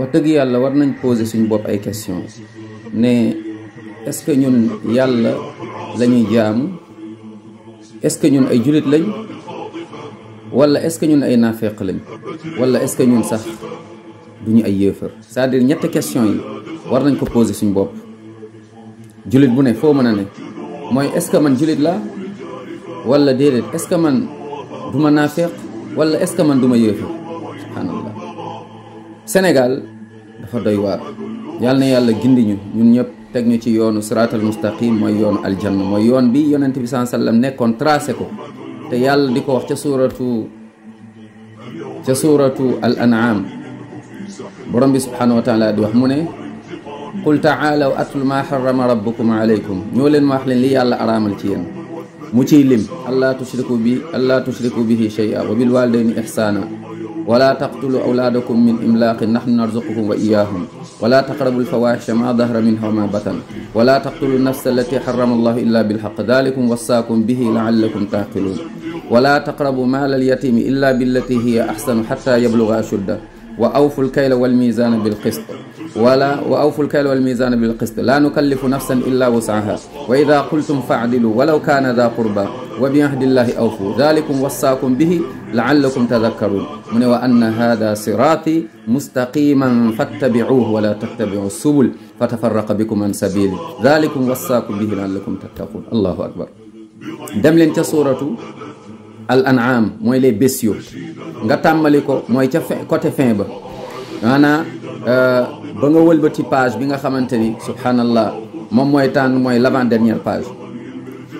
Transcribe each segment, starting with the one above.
wax dëgg yàlla war nañ poser suñu bopp ay question ne est-ce que ñun yàlla lañuy jaamu est-ce que ñun ay jullit lañ wala est-ce que ñun ay naafeq lañ wala est-ce que ñun sax duñu ay yéefar c'est-à-dire ñetti question yi war nañ ko poser suñu bopp jullit bu ne foo mën a ne mooy est-ce que man jullit la wala déedéet est-ce que man du ma naafeq wala est-ce que man du ma yéefar dafa doy waar yàlla na yàlla gindi ñu ñun ñëpp teg ñu ci yoonu siraatal mustaqim mooy yoonu aljanna mooy yoon bi yonent bi saa sallam nekkoon tracé ko te yàlla di ko wax ca suuratu ca suuratu al an'am borom bi subhanahu wa taala di wax mu ne qul taalaw atlu ma xarama rabbukum alaykum ñoo leen ma wax leen li yàlla araamal ci yéen mu ciy lim allaa tushriku bi allaa tushriku bihi shay'a wa bil walidayni ihsana wala taqtulu awlaadakum min imlaaqin nahnu narzuqukum wa iyaahum wala taqrabu alfawaahisha ma dahra minha wa ma batan wala taqtulu nafsa allati harrama allahu illa bilhaq dalikum wassaakum bihi laallakum taaqiluun wala taqrabu maala alyatimi illa billati hiya ahsanu hatta yabluga ashudda wa awfu lkayla walmisaana bilqist wala wa awfu lkayla walmisaana bilqist la nukallifu nafsan illa wusaha wa ida qultum faadilu walaw kaana da qurba wa bi ahdillahi awfu dalikum wassaakum bihi laallakum tadakkaruun mu ne wa anna hada siraati mustaqiman fattabicuuhu wala tattabicu subul fatafaraqa bikum an sabili dalikum wassaakum dem leen ca suuratu al an'am mooy le bestiaux nga tàmmali ko mooy ca fin côté ba maanaa euh, ba nga wëlbati page bi nga xamante ni subhaanallah moom mooy tànn mooy l'avant-dernière page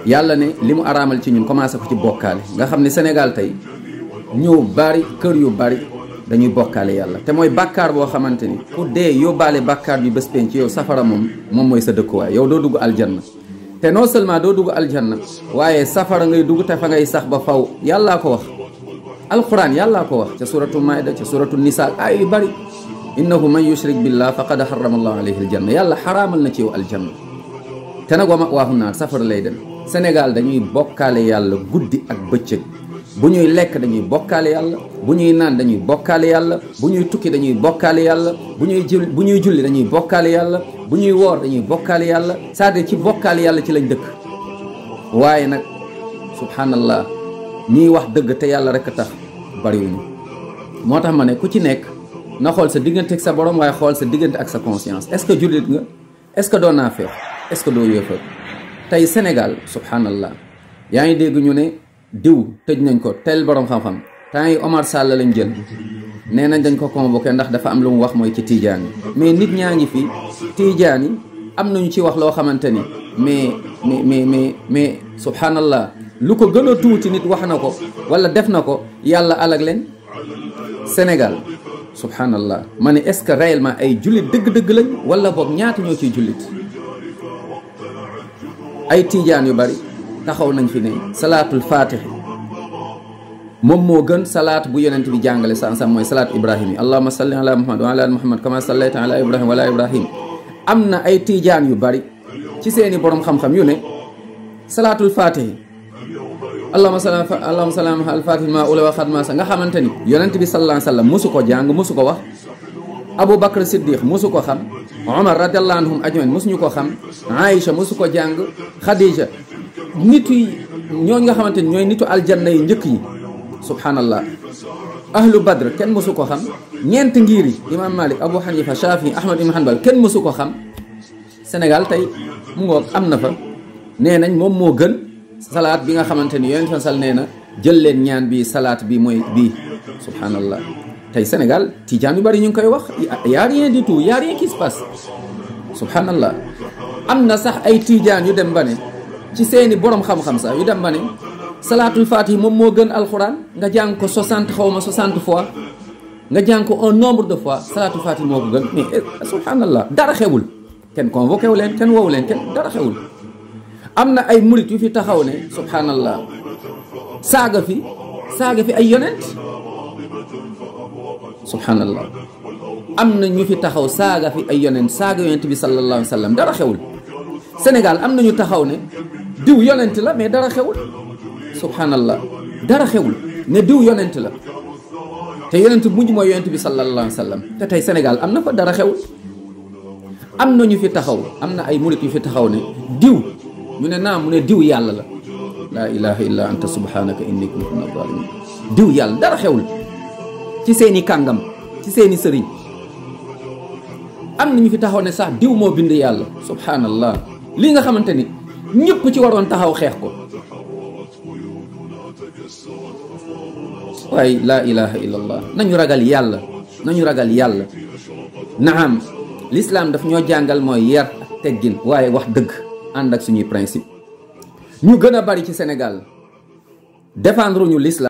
yàlla ne li mu araamal ci ñun commencé ko ci bokkaale nga xam ne Sénégal tey ñëw bari kër yu bari dañuy bokkaale yàlla te mooy bàkkaar boo xamante ni ku dee yóbbaale bàkkaar bi bés penc ci yow safara moom moom mooy sa dëkkuwaay yow doo dugg aljanna te noo seulement doo dugg aljanna waaye safara ngay dugg te fa ngay sax ba faw yàllaa ko wax alquran yàllaa ko wax ca suratul maida ca suratul nisa ay yu bari innahu man yushrik billah faqad harrama allahu alayhi aljanna yàlla xaraamal na ci yow te nag wama waaxu naar safara lay dem Sénégal dañuy bokkaale yàlla guddi ak bëccëg bu ñuy lekk dañuy bokkaale yàlla bu ñuy naan dañuy bokkaale yàlla bu ñuy tukki dañuy bokkaale yàlla bu ñuy jul bu ñuy julli dañuy bokkaale yàlla bu ñuy woor dañuy bokkaale yàlla cest dire ci bokkaale yàlla ci lañ dëkk waaye nag subhanallah ñuy wax dëgg te yàlla rek a tax bariwuñu moo tax ma ne ku ci nekk na xool sa diggante ak sa borom waaye xool sa diggante ak sa conscience est-ce que jullit nga est-ce que doo naa feex est-ce que doo tey Sénégal subhanallah yaa ngi dégg ñu ne diw tëj nañ ko tel borom xam-xam temps yi Omar Sall lañ jël nee nañ dañ ko convoqué ndax dafa am lu mu wax mooy ci Tidjani mais nit ñaa ngi fi Tidjani am nañu ci wax loo xamante ni mais mais mais mais mais subhanallah lu ko gën a tuuti nit wax na ko wala def na ko yàlla alag leen Sénégal subhanallah ma ne est-ce que réellement ay jullit dëgg-dëgg lañ wala boog ñaata ñoo ciy jullit. ay tiijaan yu bari taxaw nañ fi ne salaatul faatixi moom moo gën salaat bu yonent bi jàngale san-sam mooy salaat ibrahim yi allahuma salli ala muhammad wa ala ali muhammad kama sallayta ala ibrahim wa ala ibrahim am na ay tiijaan yu bari ci seeni borom xam-xam yu ne salaatul faatixi allahuma sal allahuma sal al faatixi ma ula wa xatma sa nga xamante ni yonent bi sallallahu alayhi wa sallam mosu ko jàng mosu ko wax abou bakr siddiq mosu ko xam omar radiallahu anhum ajmain mosuñu ko xam aïcha mosu ko jàng xadija nitu yi ñooñ nga xamante ni ñooy nitu aljanna yi njëkk yi subhanallah ahlu badr kenn mosu ko xam ñeent ngir yi imam malik abu hanifa shafi ahmad ibn hanbal kenn mosu ko xam sénégal tey mu ngoog am na fa nee nañ moom moo gën salaat bi nga xamante ni yonent sal nee na jël leen ñaan bii salaat bi mooy bii subhanallah tey Sénégal tijaan yu bari ñu ngi koy wax y a rien du tout y a rien qui se passe am na sax ay tijaan yu dem ba ne ci seeni borom xam-xam sax yu dem ba ne salaatul fatih moom moo gën alxuraan nga jàng ko 60 xaw ma 60 fois nga jàng ko un nombre de fois salaatul fatih moo ko gën mais eh, subhanallah dara xewul kenn convoqué leen kenn woowu leen kenn dara xewul am na ay murit yu fi taxaw ne subhanallah saaga fi saaga fi ay yonent subhanallah am na ñu fi taxaw saaga fi ay yonent saaga yonent bi sallallahu alayhi wa sallam dara xewul Sénégal am na ñu taxaw ne diw yonent la mais dara xew xewul subhanallah dara xewul ne diw yonent la te yonent mujj mooy yonent bi sallallahu alayhi wa sallam te tey Sénégal am na fa dara xewul am na ñu fi taxaw am na ay murit yu fi taxaw ne diw ñu ne naa mu ne diw yàlla la laa ilaha illa anta subhanaka inni kuntu min adh-dhalimin diw yàlla dara xewul ci seeni kàngam ci seeni sëriñ am na ñu fi taxaw ne sax diw moo bind yàlla subhanallah li nga xamante ni ñëpp ci waroon taxaw xeex ko waaye laa ilaha illallah nañu ragal yàlla nañu ragal yàlla naam lislaam daf ñoo jàngal mooy yar ak teggin waaye wax dëgg ànd ak suñuy principe ñu gën a bari ci senegal défendre ñu lislaam